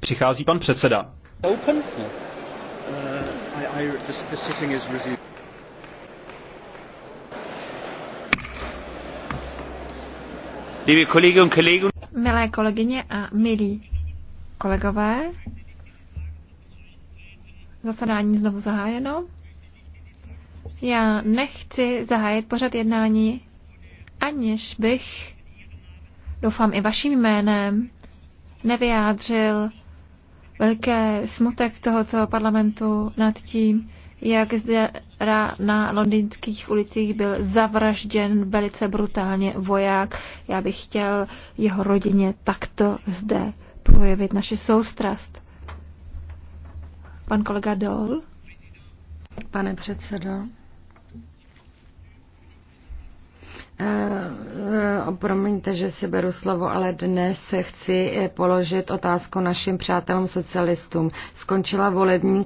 přichází pan předseda. No. Uh, Milé kolegyně a milí kolegové, zasedání znovu zahájeno. Já nechci zahájit pořad jednání, aniž bych doufám i vaším jménem, nevyjádřil velké smutek tohoto parlamentu nad tím, jak zde na londýnských ulicích byl zavražděn velice brutálně voják. Já bych chtěl jeho rodině takto zde projevit naši soustrast. Pan kolega Dol. Pane předsedo, Promiňte, že si beru slovo, ale dnes chci eh, položit otázku našim přátelům socialistům. Skončila volební